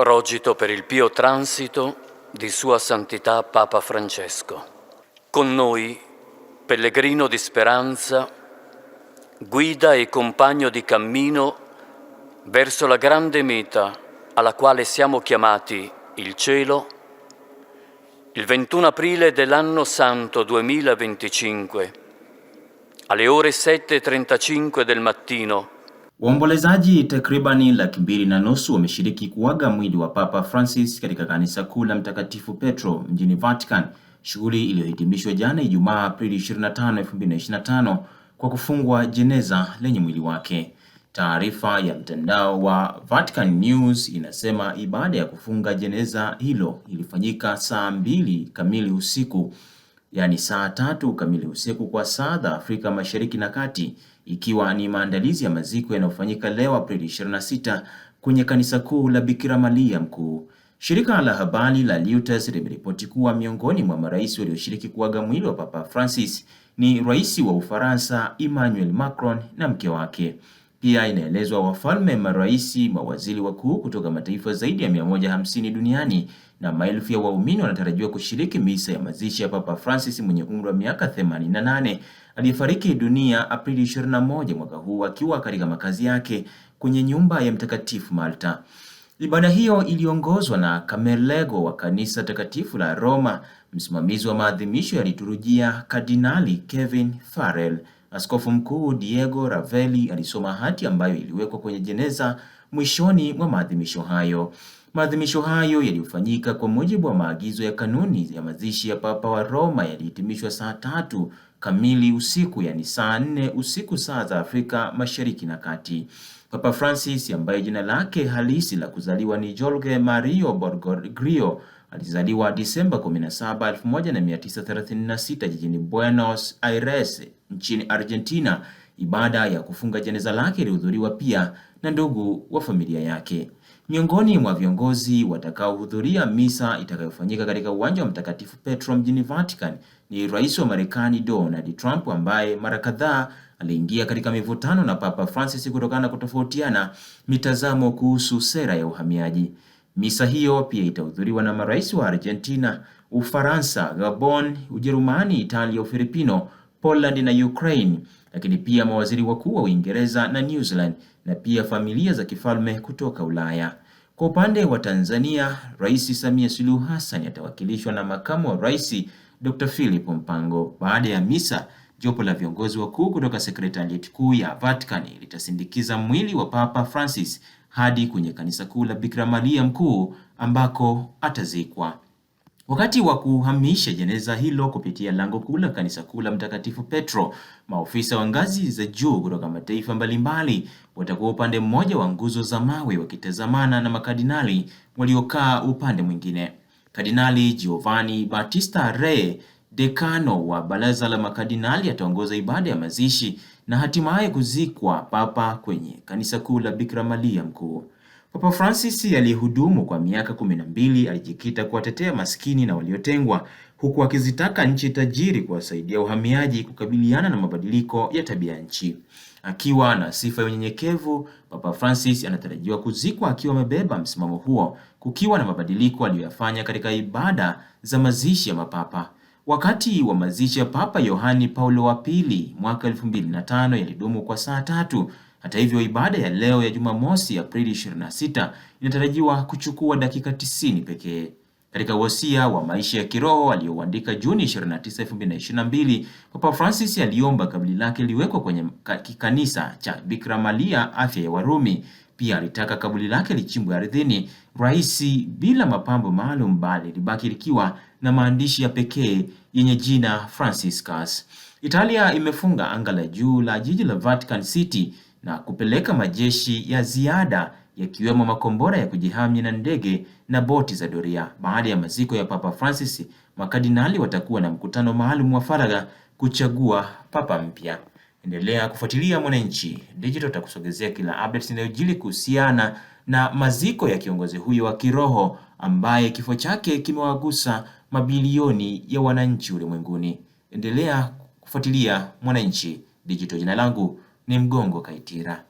Progito per il pio transito di Sua Santità Papa Francesco. Con noi, pellegrino di speranza, guida e compagno di cammino verso la grande meta alla quale siamo chiamati il cielo, il 21 aprile dell'anno santo 2025, alle ore 7.35 del mattino, Waombolezaji takribani laki mbili na nusu wameshiriki kuaga mwili wa Papa Francis katika kanisa kuu la Mtakatifu Petro mjini Vatican, shughuli iliyohitimishwa jana Ijumaa Aprili 25, 2025 kwa kufungwa jeneza lenye mwili wake. Taarifa ya mtandao wa Vatican News inasema ibada ya kufunga jeneza hilo ilifanyika saa mbili kamili usiku yaani saa tatu kamili usiku kwa saa za Afrika Mashariki na Kati, ikiwa ni maandalizi ya maziko yanayofanyika leo Aprili 26 kwenye kanisa kuu la Bikira Maria Mkuu. Shirika la habari la Reuters limeripoti kuwa miongoni mwa marais walioshiriki kuaga mwili wa Papa Francis ni Rais wa Ufaransa Emmanuel Macron na mke wake. Pia inaelezwa wafalme, maraisi, mawaziri wakuu kutoka mataifa zaidi ya 150 duniani na maelfu ya waumini wanatarajiwa kushiriki misa ya mazishi ya Papa Francis mwenye umri wa miaka 88 aliyefariki dunia Aprili 21 mwaka huu akiwa katika makazi yake kwenye nyumba ya Mtakatifu Malta. Ibada hiyo iliongozwa na Camerlengo wa Kanisa Takatifu la Roma, msimamizi wa maadhimisho ya liturujia Kardinali Kevin Farrell. Askofu Mkuu Diego Ravelli alisoma hati ambayo iliwekwa kwenye jeneza mwishoni mwa maadhimisho hayo. Maadhimisho hayo yaliyofanyika kwa mujibu wa maagizo ya kanuni ya mazishi ya Papa wa Roma yalihitimishwa saa tatu kamili usiku, yaani saa nne usiku saa za Afrika Mashariki na Kati. Papa Francis ambaye jina lake halisi la kuzaliwa ni Jorge Mario Bergoglio alizaliwa Disemba 17, 1936 jijini Buenos Aires nchini Argentina. Ibada ya kufunga jeneza lake ilihudhuriwa pia na ndugu wa familia yake. Miongoni mwa viongozi watakaohudhuria misa itakayofanyika katika uwanja wa Mtakatifu Petro mjini Vatican ni Rais wa Marekani Donald Trump ambaye mara kadhaa aliingia katika mivutano na Papa Francis kutokana na kutofautiana mitazamo kuhusu sera ya uhamiaji. Misa hiyo pia itahudhuriwa na marais wa Argentina, Ufaransa, Gabon, Ujerumani, Italia, Ufilipino, Poland na Ukraine, lakini pia mawaziri wakuu wa Uingereza na New Zealand na pia familia za kifalme kutoka Ulaya. Kwa upande wa Tanzania, Rais Samia Suluhu Hassan atawakilishwa na Makamu wa Rais Dr. Philip Mpango. Baada ya misa, jopo la viongozi wakuu kutoka Sekretarieti Kuu ya Vatican litasindikiza mwili wa Papa Francis hadi kwenye kanisa kuu la Bikira Maria Mkuu ambako atazikwa. Wakati wa kuhamisha jeneza hilo kupitia lango kuu la kanisa kuu la Mtakatifu Petro, maofisa wa ngazi za juu kutoka mataifa mbalimbali watakuwa upande mmoja wa nguzo za mawe wakitazamana na makardinali waliokaa upande mwingine. Kardinali Giovanni Battista Re, dekano wa baraza la makardinali, ataongoza ibada ya mazishi na hatimaye kuzikwa papa kwenye kanisa kuu la Bikira Maria Mkuu. Papa Francis aliyehudumu kwa miaka 12 alijikita kuwatetea maskini na waliotengwa huku akizitaka nchi tajiri kuwasaidia uhamiaji kukabiliana na mabadiliko ya tabia nchi. Akiwa na sifa ya unyenyekevu, Papa Francis anatarajiwa kuzikwa akiwa amebeba msimamo huo, kukiwa na mabadiliko aliyoyafanya katika ibada za mazishi ya mapapa. Wakati wa mazishi ya Papa Yohani Paulo wa Pili mwaka 2005 yalidumu kwa saa tatu hata hivyo, ibada ya leo ya Jumamosi, Aprili 26 inatarajiwa kuchukua dakika 90 pekee. Katika wosia wa maisha ya kiroho aliyouandika Juni 29, 2022, Papa Francis aliomba kaburi lake liwekwe kwenye kikanisa cha Bikira Maria Afya ya Warumi. Pia alitaka kaburi lake lichimbwe ardhini rahisi bila mapambo maalum, bali libaki likiwa na maandishi ya pekee yenye jina Franciscus. Italia imefunga anga la juu la jiji la Vatican City na kupeleka majeshi ya ziada yakiwemo makombora ya kujihami na ndege na boti za doria. Baada ya maziko ya Papa Francis, makadinali watakuwa na mkutano maalum wa faragha kuchagua papa mpya. Endelea kufuatilia Mwananchi Digital, takusogezea kila updates inayojili kuhusiana na maziko ya kiongozi huyo wa kiroho ambaye kifo chake kimewagusa mabilioni ya wananchi ulimwenguni. Endelea kufuatilia Mwananchi Digital. Jina langu ni Mgongo Kaitira.